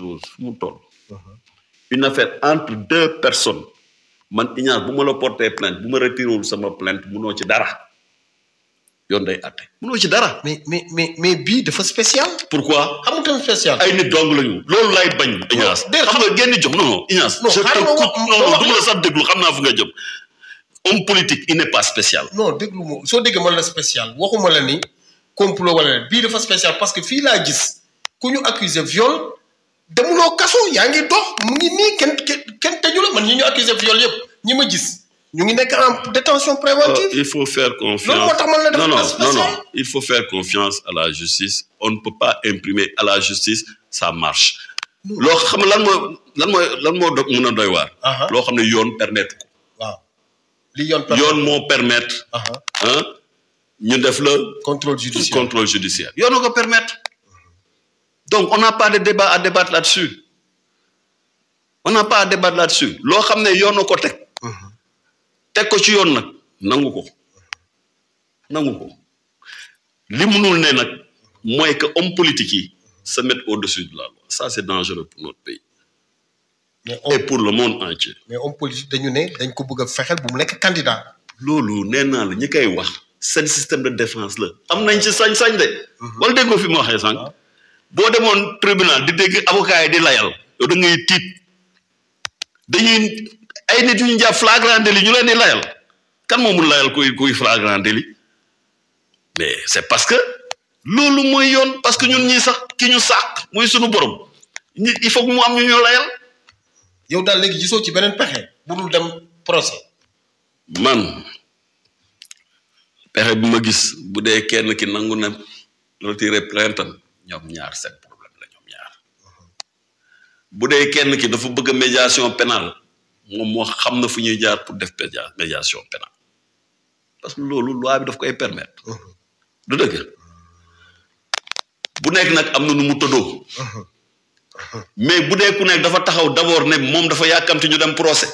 Uh-huh. une affaire entre deux personnes man Ignace me plainte vous me retirez plainte ci dara Yonday day Vous ci dara. mais mais mais mais bii dafa spécial. pourquoi vous spécial. ay nit dong lañu. loolu lay bañ. Ignace xam nga génn non non. Ignace je te coupe. non du la sax déglu fu nga homme politique il n'est pas spécial. non déglu ma soo spécial waxuma la ni complot spécial parce que fii laa gis ku ñu viol demuloo kasso yaa ngi dox mu ngi ni kenn kenn tëju man ñi ñu accusé viol yépp ñi ma gis ñu ngi nekk en détention préventive. Euh, il faut faire confiance loolu moo tax non non non il faut faire confiance à la justice on ne peut pas imprimer à la justice ça marche. lo xam lan mo lan mo lan mo doog mën doy war lo xam ne yoon permettre ko. waaw li yoon permettre yoon moo permettre. Hein? ñu def la. contrôle judiciaire contrôle judiciaire yoon ko permettre donc on n'a pas de débat à débattre là-dessus on n'a pas à débattre là-dessus Lo xamné ne yoon na ko tek. teg ko ci yon nak, nangu ko ko li munul ne nak moy que homme politique se mettent au-dessus de la loi ça c'est dangereux pour notre pays et pour le monde entier mais homme politique dañu ne dañ ko bëgg fexel bu mu candidat Lolu nee naa la ñi kay wax le système de défense là. am nañ ci sañ-sañ dé. wala dégg nga fi bo mon tribunal di deg avocat yi di layal yow da ngay tit dañuy ay nit yu ñu flagrant délit ñu leen di layal kan mo mun layal kuy kuy flagrant deli, mais c'est parce que lolu moy yoon parce que ñun ñi sax ki ñu sàq moy sunu borom ñi il faut mu am ñu ñu layal yow dal legi gisoo ci benen pexé bu dul dem procès man pexé bu ma gis bu dee kenn ki nangu na plainte ñom ñaar seen problème la ñom ñaar bu dee kenn ki dafa bëgg médiation pénale moom moo xam na fu ñuy jaar pour def médiation pénale parce que loolu loi bi daf koy permettre du dëgg bu nekk nag am na nu mu tëddoo mais bu dee ku nekk dafa taxaw d' abord ne moom dafa yàkkamti ñu dem procès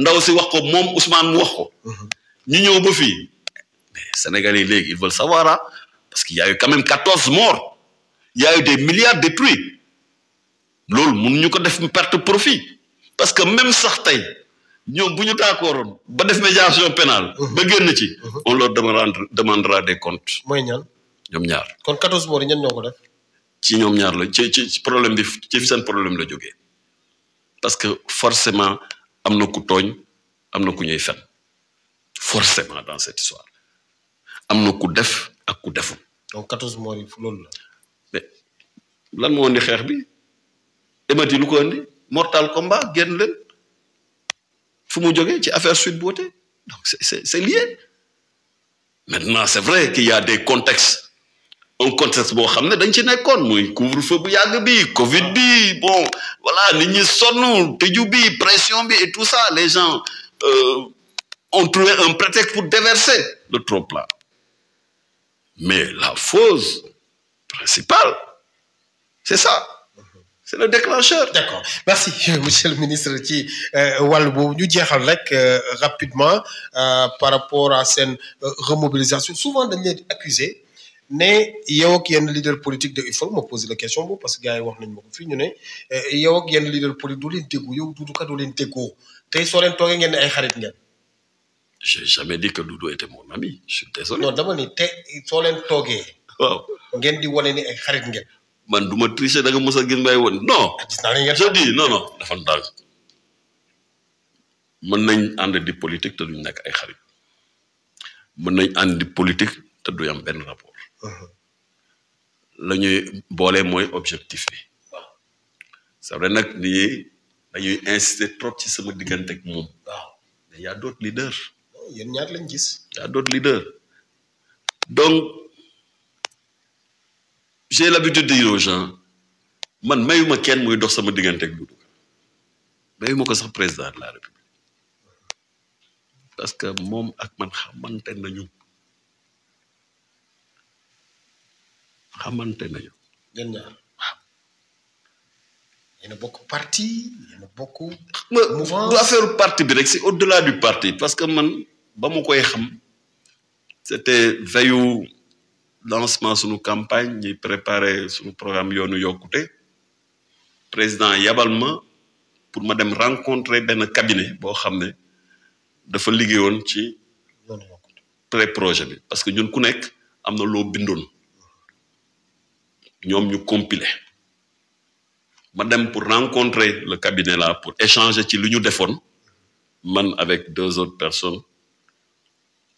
ndaw si wax ko moom Ousmane mu wax ko ñu ñëw ba fii mais Sénégalais léegi ils veulent savoir ah parce qu'il y a eu quand même 14 morts il y a eu des milliards détruits loolu mënuñu ko def perte profit parce que même sax tey ñoom bu ñu d'accordoon ba def médiation pénale mhm. ba génn ci mhm. on leur demandera, demandera des comptes mooy ñaan ñoom ñaar kon 14 mois, yi ñan ñoo ko ci ñoom ñaar la ci ci problème bi ci seen problème la jógee parce que forcément am na ku tooñ am na ku ñuy fen forcément dans cette histoire am na ku def ak ku deful donc 14 mois yi loolu la lan mo indi xex bi émati lu ko andi mortal combat génn len fu mu jógee ci affaire suite Beauté donc c'est lié maintenant c'est vrai qu'il y a des contextes un contexte boo xam ne dañ ci nekkoon muy couvre-feu bu yàgg bi Covid bi bon voilà nit ñi sonn tëju bi pression bi et tout ça les gens euh, ont trouvé un prétexte pour déverser le trop-plein mais la fausse principal. C'est ça. c'est le déclencheur. D'accord. merci monsieur le ministre qui euh, wàll boobu ñu jeexal rek euh, rapidement euh, par rapport à cette remobilisation souvent dañ leen di accuser y yow ak yenn leader politique de il faut me poser la question parce que gars yi wax nañ ma ko fii ñu ne yow ak yenn leader politique doo leen yow Doudou Ka doo leen déggoo tey soo leen toogee ngeen ne ay xarit ngeen. j'ai jamais dit que Doudou était mon ami je suis désolé. non d'abord, ni te soo leen toogee. waaw ngeen di wone ni ay xarit ngeen man duma tricher da nga mësa gën bay won non ah, je dis non non dafa ndal mën nañ ànd di politique te duñ nekk ay xarit mën nañ ànd di politique te du am benn rapport uh-huh. la ñuy boole objectif bi c'est vrai nag ni dañuy insister trop ci sama ak waaw d'autres leaders oh, ñaar lañ gis d'autres leaders donc j'ai l'habitude de dire aux gens man mayuma kenn muy dox sama diggante ak sax président de la république parce que mom ak man xamanté nañu xamanté nañu. gën naa Il y a bokk parti y a bokk. mouvement du affaire parti bi rek c'est au-delà du parti parce que man ne sais koy xam c'était veillu lancement de nos campagne préparer préparé programmes, programme yoonu Le président Yabalma, pour Madame dem rencontrer le cabinet pour xam ne dafa ci pré projet parce que nous ku nekk am na Nous bindoon ñoom ñu compiler ma pour rencontrer le cabinet là pour échanger ci qu'on ñu fait, man avec deux autres personnes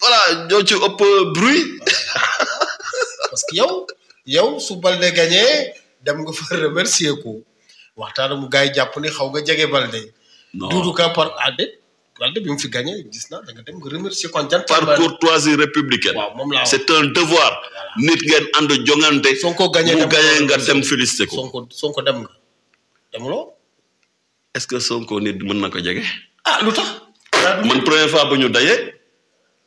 voilà ñoo ci ëpp bruit. parce que yow yow su balde gagné dem nga fa remercier ko waxtaan mu gaay japp ni xaw nga jégué balde dudu ka par adé balde bi mu fi gagné gis na da nga dem nga remercier kon jant par courtoisie républicaine c'est un devoir nit ngeen and jongante sonko gagné mu gagné nga dem féliciter ko sonko sonko dem nga demulo est-ce que sonko nit mën nako jégué ah lutax man première fois bu ñu dajé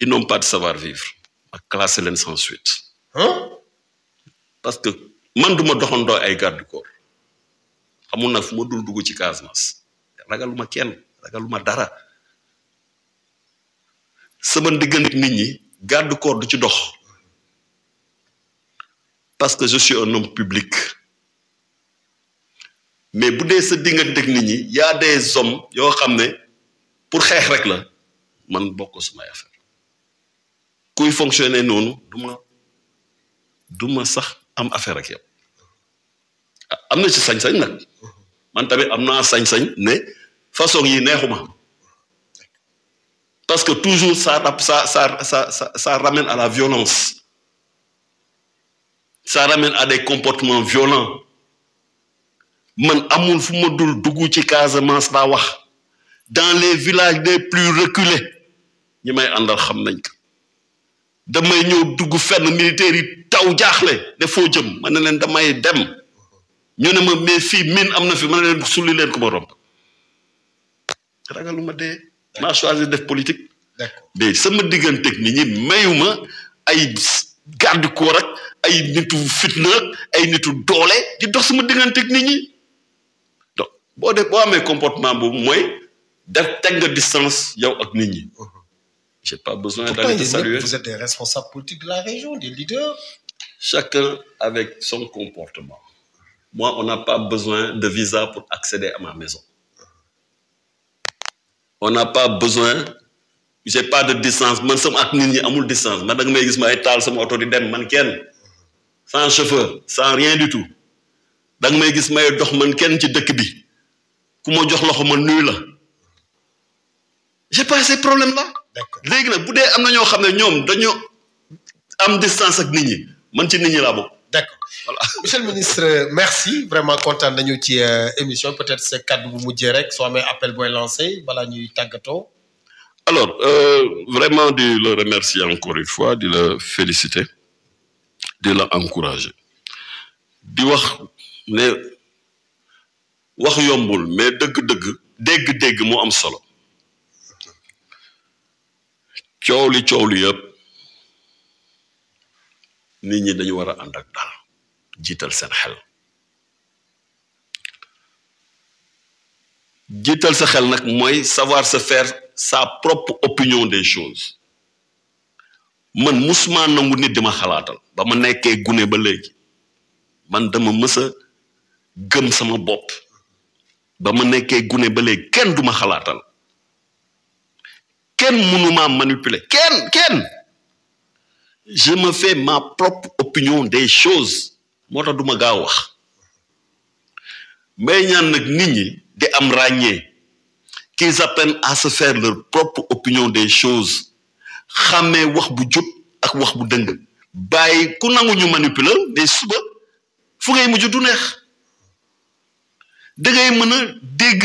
ils n'ont pas de savoir-vivre ma classé leen sans suite ah parce que man duma doxandoo ay garde corps xamul nag fu ma dul dugg ci Casamance ragaluma kenn ragaluma dara sama diggante nit ñi garde corps du ci dox parce que je suis un homme public mais bu dee sa de nit ñi y a des hommes yoo xam ne pour xeex rek la man bokk sumay affaire kuy fonctionner noonu du ma du ma sax am affaire ak yow am na ci sañ-sañ nag man tamit am naa sañ-sañ ne façon yi neexuma parce que toujours ça ça ça ça ça ça ramène à la violence ça ramène à des comportements violents man amul fu ma dul dugg ci Casamance laa wax dans les villages les plus reculés ñi may àndal xam nañ ko damay ñëw dugg fenn militaire yi taw jaaxle ne foo jëm man na leen damay dem ñu ne ma mais fii min am na fi ma ne leen sulli leen ko ma romb ragaluma dee def politique mais sama digganteeg nit ñi mayuma ay garde corps ay nitu fitna ay nitu doole di dox sama digganteeg nit ñi donc boo de boo amee comportement boobu mooy def teg nga distance yow ak nit ñi Je n'ai pas besoin d'aller te saluer. Vous êtes des responsables politiques de la région, des leaders. Chacun avec son comportement. Moi, on n'a pas besoin de visa pour accéder à ma maison. On n'a pas besoin. Je n'ai pas de distance. Man je ak nit ñi distance. Man da suis may gis ma ay sama Sans chauffeur, sans rien du tout. Je ne may gis may dox man kenn ci distance. bi. Ku ma n'ai loxo J'ai pas ces problèmes là léegi nag bu dee am na ñoo xam ñoom dañoo am distance ak nit ñi man ci nit ñi la bokk. d'accord voilà monsieur le ministre merci vraiment content nañu ci euh, émission peut-être ce cadre bu mujjee rek so amee appel boy lancé bala ñuy tagato alors euh, vraiment de le remercier encore une fois de le féliciter de le encourager di wax né wax yombul mais deug deug dégg-dégg mo am solo. coow li coow li yëpp nit ñi dañu war a ànd ak dal jiital seen xel jiital sa xel nag mooy savoir se faire sa propre opinion des choses man musuma nangu nit di ma xalaatal ba ma nekkee gune ba léegi man dama mësa a gëm sama bopp ba ma nekkee gune ba léegi kenn duma xalaatal kenn mënuma manipuler kenn kenn je me fais ma propre opinion des choses Moi, tax du ma gaaw wax mais ñaan y nit ñi di am ràññee qu'ils apprennent à se faire leur propre opinion des choses Xamé wax bu jub ak wax bu dëng bay ku nangou ñu manipuler des suba fu ngay mujj du neex da ngay mëna dégg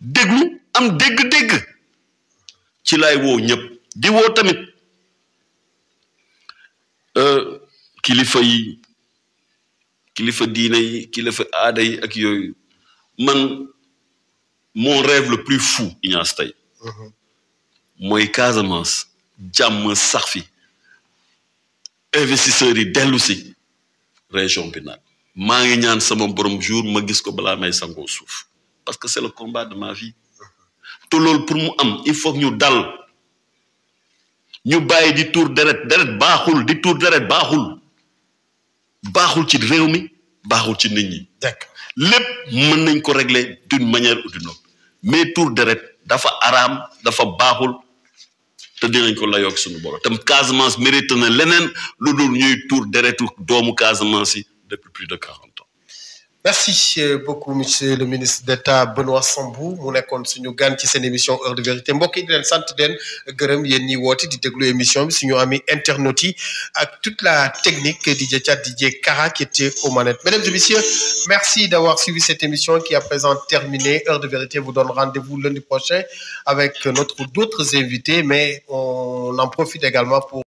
déglu am dégg-dégg ci lay wo ñep di wo tamit euh kilifa yi kilifa diine yi kilifa aada yi ak yooyu man mon rêve le plus fou Ignace tey mhm. mooy Casamance jàmm sax fi investisseurs yi dellu si région bi nag maa ngi ñaan sama borom jour ma gis ko balaa may sangoo suuf parce que c'est le combat de ma vie tout lool pour am il faut ñu dal ñu bàyyi di tour deret deret baaxul di tour deret baaxul baaxul ci réew mi ci nit d'accord nañ ko d'une manière ou d'une autre mais tour deret dafa araam dafa baaxul te dinañ ko layoog suñu borom. tam Casamance mérite na leneen lu dul ñuy tour depuis plus de quarante merci euh, beaucoup monsieur le ministre d'État Benoît Sambou Mon nekkoon suñu gan ci émission heure de vérité Moi yi di leen sant leen di émission bi suñu ami toute la technique DJ Chat DJ Kara qui était aux manettes mesdames et messieurs merci d'avoir suivi cette émission qui est à présent terminée heure de vérité vous donne rendez-vous lundi prochain avec notre d'autres invités mais on en profite également pour